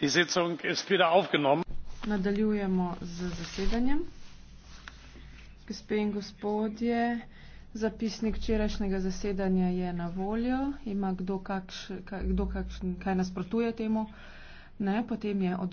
die sitzung ist wieder aufgenommen. nadaljujemo z zasedanjem. gospe in gospodje, zapisnik včerajšnjega zasedanja je na voljo. ima kdo kakšen, kdo kakšen, kaj nasprotuje temu? ne, potem je od